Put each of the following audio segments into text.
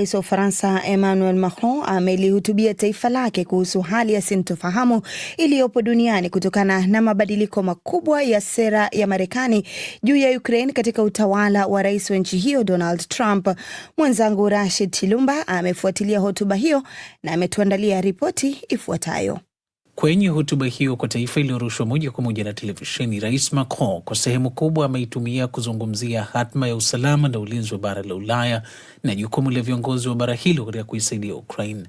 Rais wa Ufaransa Emmanuel Macron amelihutubia taifa lake kuhusu hali ya sintofahamu iliyopo duniani kutokana na mabadiliko makubwa ya sera ya Marekani juu ya Ukraine katika utawala wa rais wa nchi hiyo Donald Trump. Mwenzangu Rashid Chilumba amefuatilia hotuba hiyo na ametuandalia ripoti ifuatayo. Kwenye hotuba hiyo kwa taifa iliyorushwa moja kwa moja na televisheni, Rais Macron kwa sehemu kubwa ameitumia kuzungumzia hatma ya usalama na ulinzi wa bara la Ulaya na jukumu la viongozi wa bara hilo katika kuisaidia Ukraine.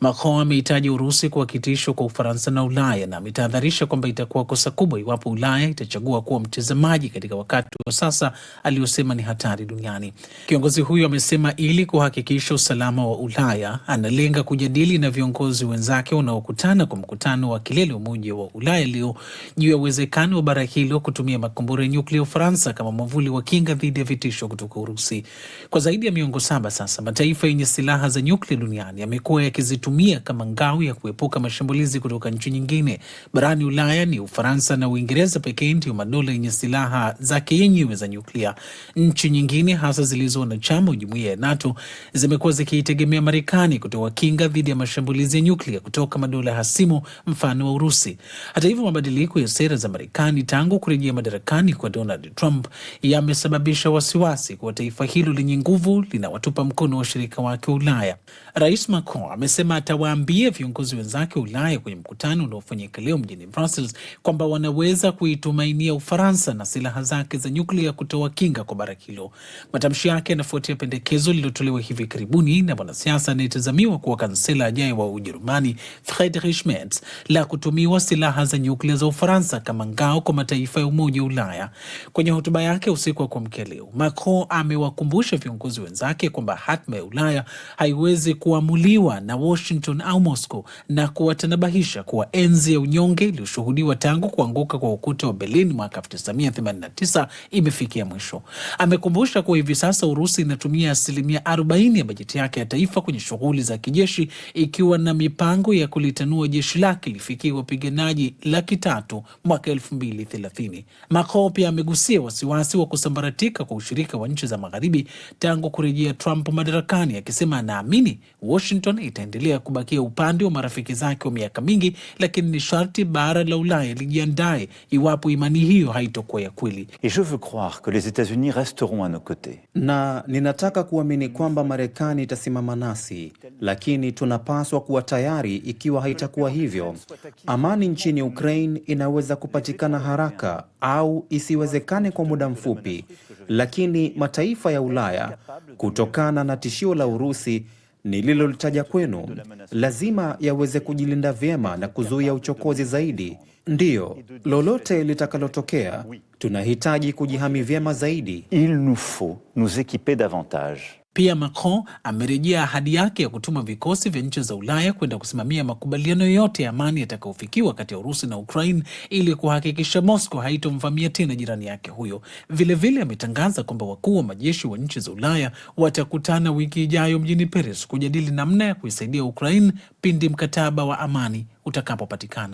Macron ameitaja Urusi kuwa kitisho kwa Ufaransa na Ulaya na ametahadharisha kwamba itakuwa kosa kubwa iwapo Ulaya itachagua kuwa mtazamaji katika wakati wa sasa aliyosema ni hatari duniani. Kiongozi huyo amesema ili kuhakikisha usalama wa Ulaya analenga kujadili na viongozi wenzake wanaokutana kwa mkutano wa kilele Umoja wa Ulaya leo juu ya uwezekano wa bara hilo kutumia makombora ya nyuklia Ufaransa kama mwavuli wa kinga dhidi ya vitisho kutoka Urusi. Kwa zaidi ya miongo saba sasa, mataifa yenye silaha za nyuklia duniani yamekuwa yakizitumia kama ngao ya kuepuka mashambulizi kutoka nchi nyingine. Barani Ulaya ni Ufaransa na Uingereza pekee ndiyo madola yenye silaha zake yenyewe za nyuklia. Nchi nyingine hasa zilizo wanachama wa jumuiya ya NATO zimekuwa zikiitegemea Marekani kutoa kinga dhidi ya mashambulizi ya nyuklia kutoka madola hasimu mfano wa Urusi. Hata hivyo, mabadiliko ya sera za Marekani tangu kurejea madarakani kwa Donald Trump yamesababisha wasiwasi kuwa taifa hilo lenye nguvu linawatupa mkono washirika wake wa Ulaya. Rais Macron amesema atawaambia viongozi wenzake wa Ulaya kwenye mkutano unaofanyika leo mjini Brussels kwamba wanaweza kuitumainia Ufaransa na silaha zake za nyuklia kutoa kinga kwa bara hilo. Matamshi yake yanafuatia pendekezo lililotolewa hivi karibuni na mwanasiasa anayetazamiwa kuwa kansela ajaye wa Ujerumani Friedrich Merz la kutumiwa silaha za nyuklia za Ufaransa kama ngao kwa mataifa ya Umoja wa Ulaya. Kwenye hotuba yake usiku wa kuamkia leo, Macron amewakumbusha viongozi wenzake kwamba hatma ya Ulaya haiwezi kuamuliwa na Washington au Moscow na kuwatanabahisha kuwa enzi ya unyonge iliyoshuhudiwa tangu kuanguka kwa ukuta wa Berlin mwaka 1989 imefikia mwisho. Amekumbusha kuwa hivi sasa Urusi inatumia asilimia 40 ya bajeti yake ya taifa kwenye shughuli za kijeshi, ikiwa na mipango ya kulitanua jeshi lake ilifikia wapiganaji laki tatu mwaka elfu mbili thelathini. Makao pia amegusia wasiwasi wa kusambaratika kwa ushirika wa nchi za magharibi tangu kurejea Trump madarakani, akisema anaamini Washington itaendelea kubakia upande wa marafiki zake wa miaka mingi, lakini ni sharti bara la Ulaya lijiandae iwapo imani hiyo haitokuwa ya kweli. Et je veux croire que les Etats-Unis resteront a nos cotes, na ninataka kuamini kwamba Marekani itasimama nasi, lakini tunapaswa kuwa tayari ikiwa haitakuwa hivyo. Amani nchini Ukraine inaweza kupatikana haraka au isiwezekane kwa muda mfupi, lakini mataifa ya Ulaya, kutokana na tishio la Urusi nililolitaja kwenu, lazima yaweze kujilinda vyema na kuzuia uchokozi zaidi. Ndiyo, lolote litakalotokea, tunahitaji kujihami vyema zaidi. Il nous faut nous équiper davantage pia Macron amerejea ahadi yake ya kutuma vikosi vya nchi za Ulaya kwenda kusimamia makubaliano yote ya amani yatakayofikiwa kati ya Urusi na Ukraine ili kuhakikisha Moscow haitomvamia tena jirani yake huyo. Vilevile ametangaza kwamba wakuu wa majeshi wa nchi za Ulaya watakutana wiki ijayo mjini Paris kujadili namna ya kuisaidia Ukraine pindi mkataba wa amani utakapopatikana.